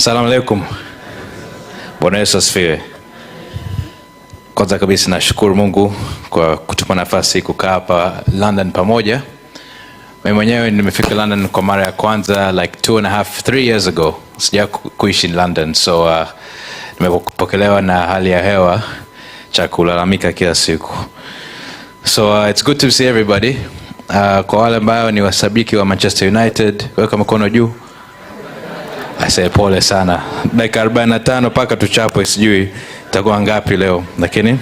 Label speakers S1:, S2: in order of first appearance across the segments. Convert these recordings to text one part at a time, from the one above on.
S1: Salamu alaikum. Bwana Yesu asifiwe. Kwanza kabisa nashukuru Mungu kwa kutupa nafasi kukaa hapa London pamoja. Mimi mwenyewe nimefika London kwa mara ya kwanza like two and a half, three years ago. Sija kuishi London, so uh, nimepokelewa na hali ya hewa cha kulalamika kila siku, so uh, it's good to see everybody. Uh, kwa wale ambao ni washabiki wa Manchester United, weka mkono juu. Asee, pole sana. Dakika 45 mpaka tuchapwe, sijui itakuwa ngapi leo, lakini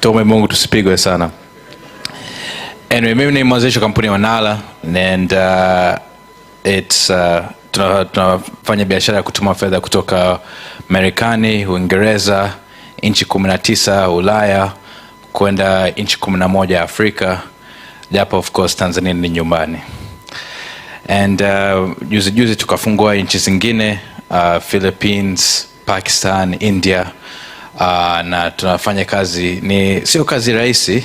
S1: tuombe Mungu tusipigwe sana. Anyway, mimi ni mwanzilishi wa kampuni ya Wanala and uh, it's uh, tunafanya biashara ya kutuma fedha kutoka Marekani, Uingereza, nchi 19 Ulaya kwenda nchi 11 Afrika, japo of course Tanzania ni nyumbani and uh, juzi juzi tukafungua nchi zingine uh, Philippines, Pakistan, India uh, na tunafanya kazi, ni sio kazi rahisi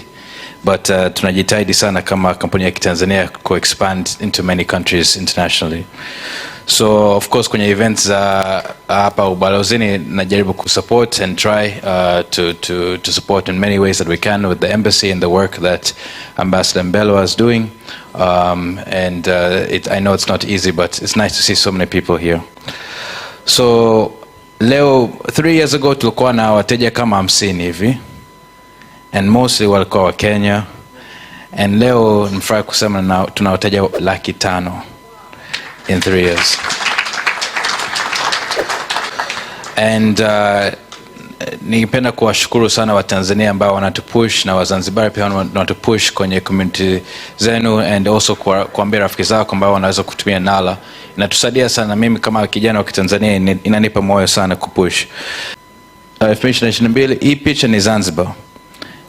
S1: but uh, tunajitahidi sana kama kampuni ya Kitanzania ku expand into many countries internationally. So of course kwenye events za uh, hapa ubalozini najaribu ku support and try uh, to, to, to support in many ways that we can with the embassy and the work that Ambassador mbelo is doing um, and uh, it, I know it's not easy but it's nice to see so many people here. So leo three years ago tulikuwa na wateja kama hamsini hivi and mostly walikuwa wa Kenya, and leo nafurahi kusema na tuna wateja laki tano in three years and uh, ningependa kuwashukuru sana Watanzania ambao wanatupush na Wazanzibari pia wanatupush kwenye community zenu, and also kuambia rafiki zako ambao wanaweza kutumia Nala. Inatusaidia sana, mimi kama kijana wa Kitanzania inanipa moyo sana kupush. Uh, 2022 hii picha ni Zanzibar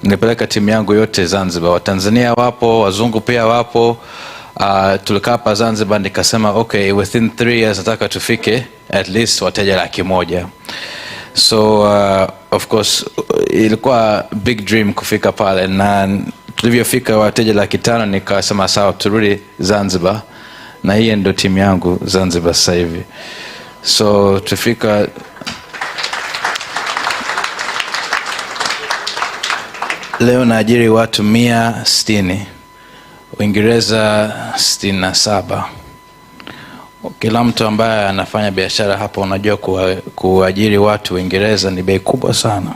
S1: nilipeleka timu yangu yote Zanzibar. Watanzania wapo, wazungu pia wapo. Uh, tulikaa hapa Zanzibar nikasema okay, within 3 years nataka tufike at least wateja laki moja. So uh, of course ilikuwa big dream kufika pale, na tulivyofika wateja laki tano nikasema sawa, turudi Zanzibar, na hii ndio timu yangu Zanzibar sasa hivi. So tufika Leo naajiri watu mia sitini, Uingereza sitini na saba. Kila mtu ambaye anafanya biashara hapa, unajua kuajiri watu Uingereza ni bei kubwa sana,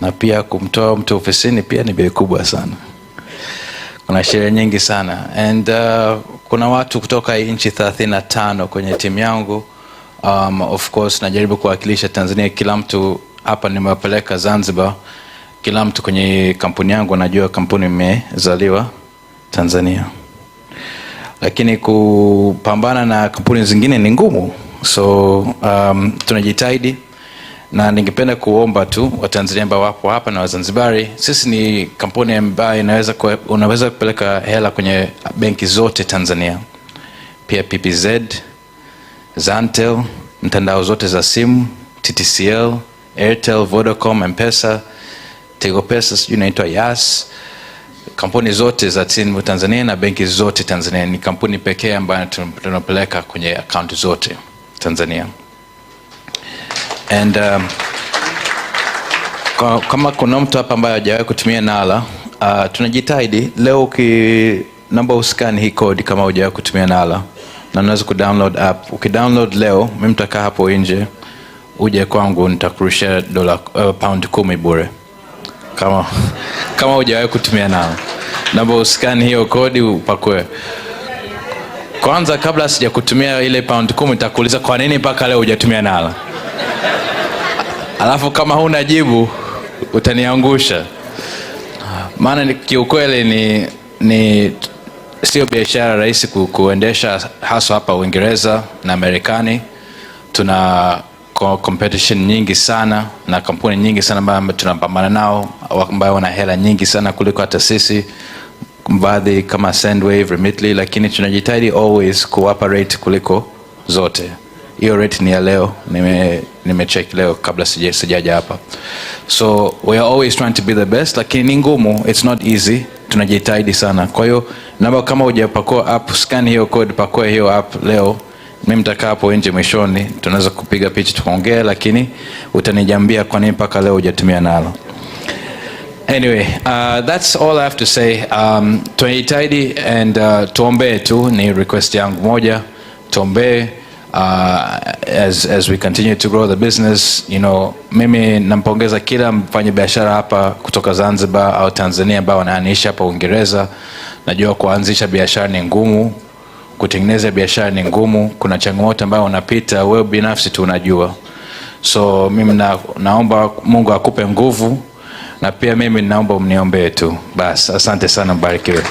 S1: na pia kumtoa mtu ofisini pia ni bei kubwa sana. Kuna sherehe nyingi sana and uh, kuna watu kutoka nchi thelathini na tano kwenye timu yangu. Um, of course najaribu kuwakilisha Tanzania, kila mtu hapa nimewapeleka Zanzibar. Kila mtu kwenye kampuni yangu anajua kampuni imezaliwa Tanzania, lakini kupambana na kampuni zingine ni ngumu, so um, tunajitahidi na ningependa kuomba tu Watanzania ambao wapo hapa na Wazanzibari, sisi ni kampuni ambayo inaweza kwe, unaweza kupeleka hela kwenye benki zote Tanzania, pia PPZ, Zantel, mtandao zote za simu, TTCL Airtel, Vodacom, Mpesa, Tigo Pesa, sijui inaitwa Yas. Kampuni zote za simu Tanzania na benki zote Tanzania, ni kampuni pekee ambayo tunapeleka kwenye akaunti zote Tanzania. And, um, kama kuna mtu hapa ambaye hajawahi kutumia Nala uh, tunajitahidi leo, uki namba uscan hii code kama hujawahi kutumia Nala na unaweza kudownload app. Ukidownload leo, mimi mtakaa hapo nje uje kwangu nitakurushia dola uh, pound kumi bure kama kama hujawahi kutumia nao, naomba usikani hiyo kodi upakue. Kwanza kabla sija kutumia ile pound kumi nitakuuliza kwa nini mpaka leo hujatumia nala, alafu kama huna jibu utaniangusha, maana kiukweli ni, ni sio biashara rahisi ku, kuendesha haswa hapa Uingereza na Marekani tuna competition nyingi sana na kampuni nyingi sana ambayo tunapambana nao ambayo wana hela nyingi sana kuliko hata sisi, baadhi kama Sendwave, Remitly, lakini tunajitahidi always kuwapa rate kuliko zote. Hiyo rate ni ya leo, nime nimecheck leo kabla sijaja hapa, so we are always trying to be the best, lakini ni ngumu, it's not easy tunajitahidi sana. Kwa hiyo naomba kama hujapakua app, scan hiyo code, pakua hiyo app leo mi mtakaa hapo nje mwishoni, tunaweza kupiga picha tukaongea, lakini utanijambia kwa nini mpaka leo hujatumia nalo. Anyway, uh, that's all I have to say. Um, and uh, tuombee tu, ni request yangu moja, tuombee Uh, as, as we continue to grow the business you know, mimi nampongeza kila mfanya biashara hapa kutoka Zanzibar au Tanzania ambao wanaanisha hapa Uingereza. Najua kuanzisha biashara ni ngumu kutengeneza biashara ni ngumu. Kuna changamoto ambayo unapita wewe binafsi tu unajua. So mimi na, naomba Mungu akupe nguvu na pia mimi naomba mniombee tu basi. Asante sana, mbarikiwe.